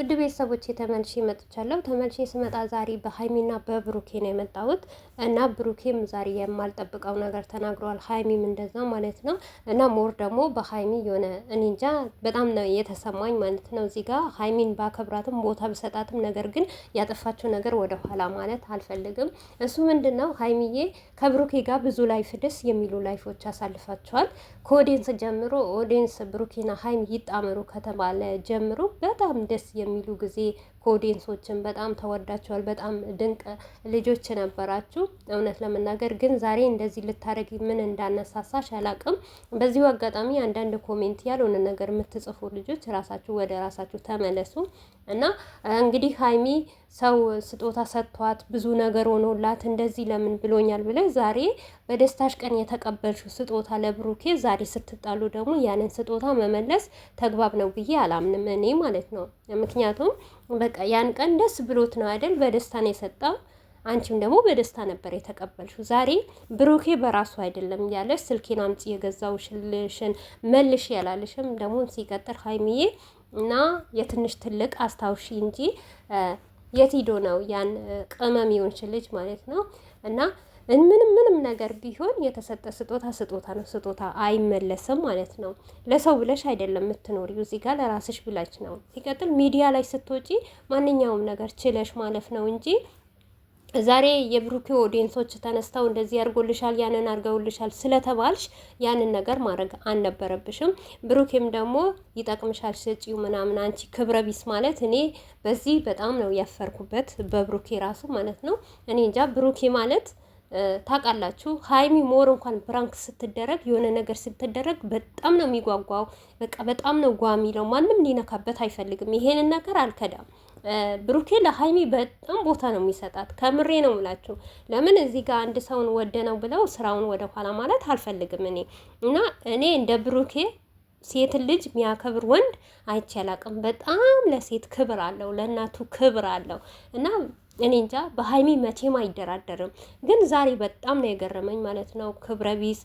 ውድ ቤተሰቦች ተመልሼ መጥቻለሁ። ተመልሼ ስመጣ ዛሬ በሀይሚና በብሩኬ ነው የመጣሁት እና ብሩኬም ዛሬ የማልጠብቀው ነገር ተናግረዋል። ሀይሚም እንደዛ ማለት ነው እና ሞር ደግሞ በሀይሚ የሆነ እኔ እንጃ በጣም ነው የተሰማኝ ማለት ነው። እዚህ ጋር ሀይሚን ባከብራትም ቦታ ብሰጣትም፣ ነገር ግን ያጠፋችው ነገር ወደኋላ ማለት አልፈልግም። እሱ ምንድን ነው ሀይሚዬ ከብሩኬ ጋር ብዙ ላይፍ ደስ የሚሉ ላይፎች አሳልፋቸዋል። ከኦዲንስ ጀምሮ ኦዲንስ ብሩኬና ሀይሚ ይጣመሩ ከተባለ ጀምሮ በጣም ደስ የሚሉ ጊዜ ከኦዲየንሶችን በጣም ተወዳቸዋል። በጣም ድንቅ ልጆች ነበራችሁ። እውነት ለመናገር ግን ዛሬ እንደዚህ ልታደረግ ምን እንዳነሳሳሽ አላቅም። በዚሁ አጋጣሚ አንዳንድ ኮሜንት ያልሆነ ነገር የምትጽፉ ልጆች ራሳችሁ ወደ ራሳችሁ ተመለሱ እና እንግዲህ ሀይሚ ሰው ስጦታ ሰጥቷት ብዙ ነገር ሆኖላት እንደዚህ ለምን ብሎኛል ብለሽ ዛሬ በደስታሽ ቀን የተቀበልሽው ስጦታ ለብሩኬ ዛሬ ስትጣሉ ደግሞ ያንን ስጦታ መመለስ ተግባብ ነው ብዬ አላምንም እኔ ማለት ነው። ምክንያቱም በቃ ያን ቀን ደስ ብሎት ነው አይደል? በደስታ ነው የሰጠው። አንቺም ደግሞ በደስታ ነበር የተቀበልሽው። ዛሬ ብሩኬ በራሱ አይደለም እያለሽ ስልኬን አምጪ የገዛውሽልሽን መልሽ ያላለሽም ደግሞ ሲቀጥር ሀይሚዬ እና የትንሽ ትልቅ አስታውሺ እንጂ የት ሂዶ ነው ያን ቅመም የሆንች ልጅ ማለት ነው እና ምንም ምንም ነገር ቢሆን የተሰጠ ስጦታ ስጦታ ነው። ስጦታ አይመለስም ማለት ነው። ለሰው ብለሽ አይደለም የምትኖሪ እዚህ ጋር ለራስሽ ብላች ነው። ሲቀጥል ሚዲያ ላይ ስትወጪ ማንኛውም ነገር ችለሽ ማለፍ ነው እንጂ ዛሬ የብሩኬ ኦዲየንሶች ተነስተው እንደዚህ አድርጎልሻል ያንን አድርገውልሻል ስለተባልሽ ያንን ነገር ማድረግ አልነበረብሽም። ብሩኬም ደግሞ ይጠቅምሻል፣ ስጪው ምናምን አንቺ ክብረ ቢስ ማለት እኔ በዚህ በጣም ነው ያፈርኩበት በብሩኬ ራሱ ማለት ነው። እኔ እንጃ ብሩኬ ማለት ታውቃላችሁ ሀይሚ ሞር እንኳን ፕራንክ ስትደረግ የሆነ ነገር ስትደረግ በጣም ነው የሚጓጓው። በቃ በጣም ነው ጓሚ ነው ማንም ሊነካበት አይፈልግም። ይሄንን ነገር አልከዳም ብሩኬ ለሀይሚ በጣም ቦታ ነው የሚሰጣት። ከምሬ ነው የምላችሁ። ለምን እዚህ ጋር አንድ ሰውን ወደነው ብለው ስራውን ወደኋላ ማለት አልፈልግም እኔ እና እኔ እንደ ብሩኬ ሴትን ልጅ የሚያከብር ወንድ አይቼ አላቅም። በጣም ለሴት ክብር አለው፣ ለእናቱ ክብር አለው እና እኔ እንጃ በሀይሚ መቼም አይደራደርም። ግን ዛሬ በጣም ነው የገረመኝ ማለት ነው። ክብረ ቢስ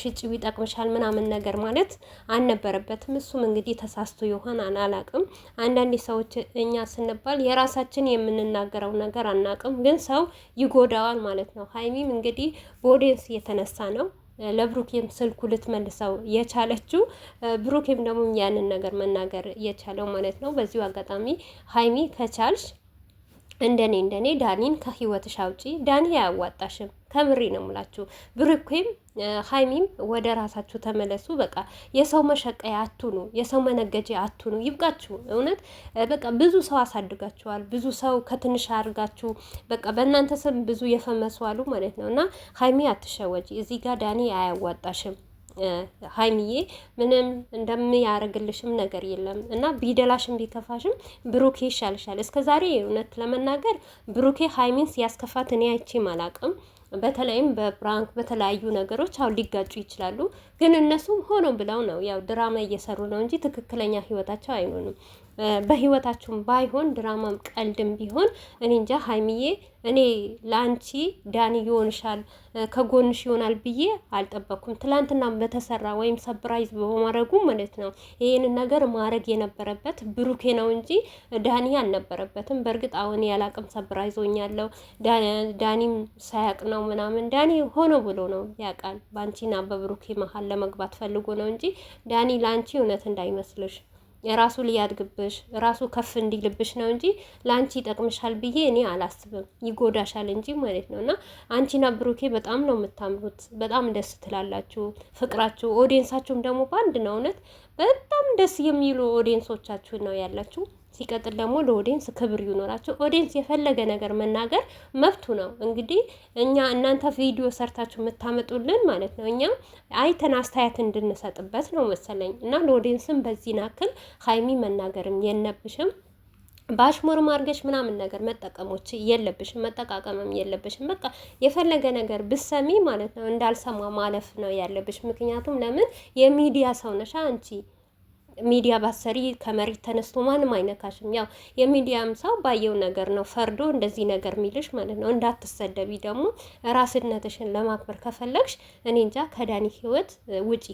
ሽጭው ይጠቅምሻል ምናምን ነገር ማለት አልነበረበትም። እሱም እንግዲህ ተሳስቶ ይሆን አላቅም። አንዳንድ ሰዎች እኛ ስንባል የራሳችን የምንናገረው ነገር አናቅም፣ ግን ሰው ይጎዳዋል ማለት ነው። ሀይሚም እንግዲህ በኦዲየንስ የተነሳ ነው ለብሩኬም ስልኩ ልትመልሰው የቻለችው ብሩኬም ደግሞ ያንን ነገር መናገር የቻለው ማለት ነው። በዚሁ አጋጣሚ ሀይሚ ከቻልሽ እንደኔ እንደኔ ዳኒን ከህይወትሽ አውጪ። ዳኒ አያዋጣሽም። ከምሬ ነው የምላችሁ። ብሩኬም ሀይሚም ወደ ራሳችሁ ተመለሱ። በቃ የሰው መሸቀያ አትሁኑ፣ የሰው መነገጃ አትሁኑ። ይብቃችሁ። እውነት በቃ ብዙ ሰው አሳድጋችኋል። ብዙ ሰው ከትንሽ አድርጋችሁ በቃ በእናንተ ስም ብዙ የፈመሱ አሉ ማለት ነው። እና ሀይሚ አትሸወጂ። እዚህ ጋር ዳኒ አያዋጣሽም። ሀይሚዬ ምንም እንደሚያደርግልሽም ነገር የለም እና ቢደላሽም ቢከፋሽም ብሩኬ ይሻልሻል። እስከ ዛሬ እውነት ለመናገር ብሩኬ ሀይሚን ሲያስከፋት እኔ አይቼም አላቅም። በተለይም በፕራንክ በተለያዩ ነገሮች አሁን ሊጋጩ ይችላሉ፣ ግን እነሱም ሆኖ ብለው ነው ያው ድራማ እየሰሩ ነው እንጂ ትክክለኛ ህይወታቸው አይሆንም። በህይወታቸውም ባይሆን ድራማም ቀልድም ቢሆን እኔ እንጃ ሀይሚዬ እኔ ለአንቺ ዳኒ ይሆንሻል ከጎንሽ ይሆናል ብዬ አልጠበቅኩም። ትላንትና በተሰራ ወይም ሰብራይዝ በማድረጉ ማለት ነው ይህንን ነገር ማድረግ የነበረበት ብሩኬ ነው እንጂ ዳኒ አልነበረበትም። በእርግጥ አሁን ያላቅም ሰብራይዞኛለው ዳኒም ሳያቅ ነው ምናምን። ዳኒ ሆኖ ብሎ ነው ያውቃል። በአንቺና በብሩኬ መሀል ለመግባት ፈልጎ ነው እንጂ ዳኒ ለአንቺ እውነት እንዳይመስልሽ ራሱ ሊያድግብሽ ራሱ ከፍ እንዲልብሽ ነው እንጂ ለአንቺ ይጠቅምሻል ብዬ እኔ አላስብም። ይጎዳሻል እንጂ ማለት ነው። እና አንቺና ብሩኬ በጣም ነው የምታምሩት። በጣም ደስ ትላላችሁ፣ ፍቅራችሁ። ኦዲየንሳችሁም ደግሞ በአንድ ነው እውነት በጣም ደስ የሚሉ ኦዲየንሶቻችሁ ነው ያላችሁ። ሲቀጥል ደግሞ ለኦዲንስ ክብር ይኖራቸው። ኦዲንስ የፈለገ ነገር መናገር መብቱ ነው። እንግዲህ እኛ እናንተ ቪዲዮ ሰርታችሁ የምታመጡልን ማለት ነው እኛ አይተን አስተያየት እንድንሰጥበት ነው መሰለኝ እና ለኦዲንስም በዚህ ናክል ሀይሚ መናገርም የነብሽም በአሽሙር ማርገሽ ምናምን ነገር መጠቀሞች የለብሽም፣ መጠቃቀምም የለብሽም። በቃ የፈለገ ነገር ብሰሚ ማለት ነው እንዳልሰማ ማለፍ ነው ያለብሽ። ምክንያቱም ለምን የሚዲያ ሰው ነሻ አንቺ ሚዲያ ባሰሪ ከመሬት ተነስቶ ማንም አይነካሽም። ያው የሚዲያም ሰው ባየው ነገር ነው ፈርዶ እንደዚህ ነገር የሚልሽ ማለት ነው። እንዳትሰደቢ ደግሞ ራስነትሽን ለማክበር ከፈለግሽ እኔ እንጃ ከዳኒ ህይወት ውጪ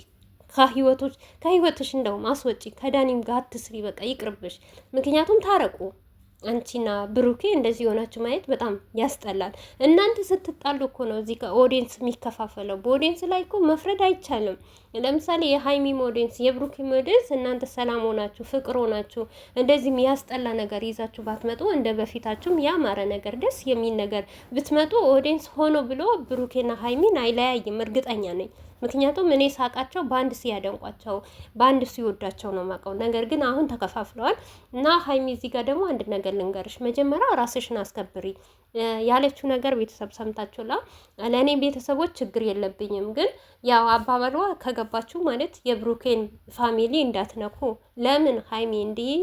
ከህይወቶች ከህይወትሽ እንደውም አስወጪ። ከዳኒም ጋር አትስሪ፣ በቃ ይቅርብሽ። ምክንያቱም ታረቁ አንቺና ብሩኬ እንደዚህ የሆናችሁ ማየት በጣም ያስጠላል። እናንተ ስትጣሉ እኮ ነው እዚህ ከኦዲንስ የሚከፋፈለው። በኦዲንስ ላይ እኮ መፍረድ አይቻልም። ለምሳሌ የሀይሚም ኦዲንስ የብሩኪ ኦዲንስ፣ እናንተ ሰላም ሆናችሁ ፍቅር ሆናችሁ እንደዚህ ያስጠላ ነገር ይዛችሁ ባትመጡ እንደ በፊታችሁም ያማረ ነገር ደስ የሚል ነገር ብትመጡ ኦዲንስ ሆኖ ብሎ ብሩኬና ሀይሚን አይለያይም፣ እርግጠኛ ነኝ። ምክንያቱም እኔ ሳቃቸው በአንድ ሲያደንቋቸው በአንድ ሲወዳቸው ነው ማቀው። ነገር ግን አሁን ተከፋፍለዋል እና ሀይሚ እዚህ ጋር ደግሞ አንድ ነገር ልንገርሽ፣ መጀመሪያ ራስሽን አስከብሪ ያለችው ነገር ቤተሰብ ሰምታችሁላ። ለእኔ ቤተሰቦች ችግር የለብኝም፣ ግን ያው አባባሏ ከገባችሁ ማለት የብሩኬን ፋሚሊ እንዳትነኩ። ለምን ሀይሚ እንዲህ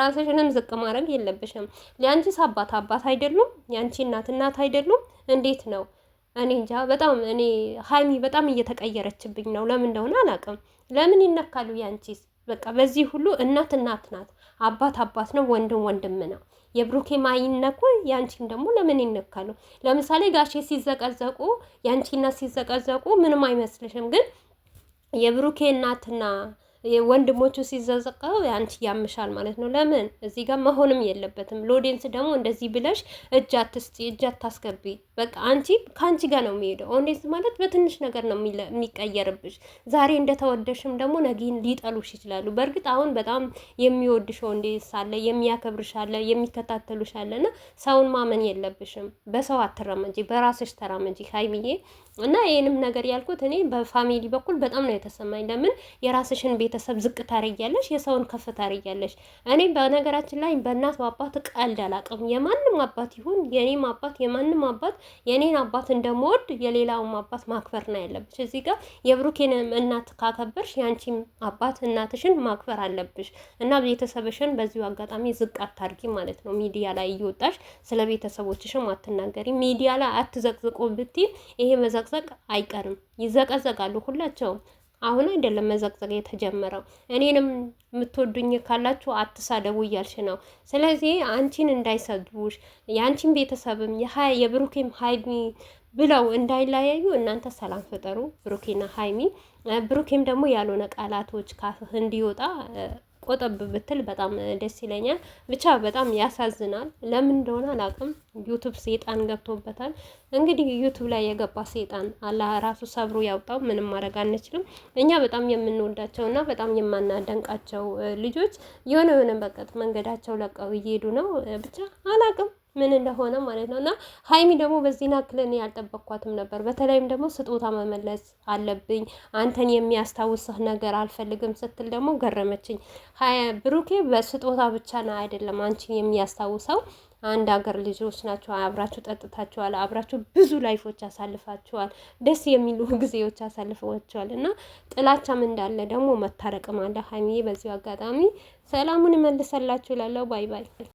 ራስሽንም ዝቅ ማድረግ የለብሽም። ለአንቺስ አባት አባት አይደሉም? የአንቺ እናት እናት አይደሉም? እንዴት ነው እኔ እንጃ በጣም እኔ ሀይሚ በጣም እየተቀየረችብኝ ነው። ለምን እንደሆነ አላውቅም። ለምን ይነካሉ ያንቺስ? በቃ በዚህ ሁሉ እናት እናት ናት፣ አባት አባት ነው፣ ወንድም ወንድም ነው። የብሩኬ ማይነኩ ያንቺን ደግሞ ለምን ይነካሉ? ለምሳሌ ጋሼ ሲዘቀዘቁ ያንቺና ሲዘቀዘቁ ምንም አይመስልሽም፣ ግን የብሩኬ እናትና ወንድሞቹ ሲዘዘቀው አንቺ ያምሻል ማለት ነው። ለምን እዚህ ጋር መሆንም የለበትም። ሎዴንስ ደግሞ እንደዚህ ብለሽ እጅ አትስጪ፣ እጅ አታስገቢ። በቃ አንቺ ከአንቺ ጋር ነው የሚሄደው። ኦዴንስ ማለት በትንሽ ነገር ነው የሚቀየርብሽ። ዛሬ እንደተወደሽም ደግሞ ነጊን ሊጠሉሽ ይችላሉ። በእርግጥ አሁን በጣም የሚወድሽ ኦዴንስ አለ፣ የሚያከብርሽ አለ፣ የሚከታተሉሽ አለ። እና ሰውን ማመን የለብሽም። በሰው አትራመጂ፣ በራስሽ ተራመጂ ሀይሚዬ እና ይህንም ነገር ያልኩት እኔ በፋሚሊ በኩል በጣም ነው የተሰማኝ። ለምን የራስሽን ቤተሰብ ዝቅ ታረጊያለሽ፣ የሰውን ከፍ ታረጊያለሽ። እኔ በነገራችን ላይ በእናት አባት ቀልድ አላቅም። የማንም አባት ይሁን የኔም አባት የማንም አባት የኔን አባት እንደምወድ የሌላውም አባት ማክበር ነው ያለብሽ። እዚህ ጋር የብሩኬን እናት ካከበርሽ የአንቺም አባት እናትሽን ማክበር አለብሽ እና ቤተሰብሽን በዚሁ አጋጣሚ ዝቅ አታርጊ ማለት ነው። ሚዲያ ላይ እየወጣሽ ስለ ቤተሰቦችሽም አትናገሪ። ሚዲያ ላይ አትዘቅዝቆ ብቲ ይሄ መዘቅ መዘቅዘቅ አይቀርም። ይዘቀዘቃሉ ሁላቸውም። አሁን አይደለም መዘቅዘቅ የተጀመረው። እኔንም የምትወዱኝ ካላችሁ አትሳደቡ እያልሽ ነው። ስለዚህ አንቺን እንዳይሰድቡሽ የአንቺን ቤተሰብም የብሩኬም ሀይሚ ብለው እንዳይለያዩ እናንተ ሰላም ፍጠሩ፣ ብሩኬና ሀይሚ። ብሩኬም ደግሞ ያልሆነ ቃላቶች ካፍህ እንዲወጣ ቆጠብ ብትል በጣም ደስ ይለኛል። ብቻ በጣም ያሳዝናል። ለምን እንደሆነ አላውቅም። ዩቱብ ሰይጣን ገብቶበታል። እንግዲህ ዩቱብ ላይ የገባ ሰይጣን አላህ ራሱ ሰብሮ ያውጣው። ምንም ማድረግ አንችልም። እኛ በጣም የምንወዳቸው እና በጣም የማናደንቃቸው ልጆች የሆነ የሆነ በቀጥ መንገዳቸው ለቀው እየሄዱ ነው። ብቻ አላውቅም። ምን እንደሆነ ማለት ነው። እና ሀይሚ ደግሞ በዚህ ናክል እኔ ያልጠበቅኳትም ነበር። በተለይም ደግሞ ስጦታ መመለስ አለብኝ አንተን የሚያስታውስህ ነገር አልፈልግም ስትል ደግሞ ገረመችኝ። ብሩኬ በስጦታ ብቻ ና አይደለም አንቺን የሚያስታውሰው አንድ ሀገር ልጆች ናቸው። አብራችሁ ጠጥታችኋል፣ አብራችሁ ብዙ ላይፎች አሳልፋችኋል፣ ደስ የሚሉ ጊዜዎች አሳልፈዋችኋል እና ጥላቻም እንዳለ ደግሞ መታረቅም አለ። ሀይሚዬ በዚሁ አጋጣሚ ሰላሙን ይመልሰላችሁ። ላለው ባይ ባይ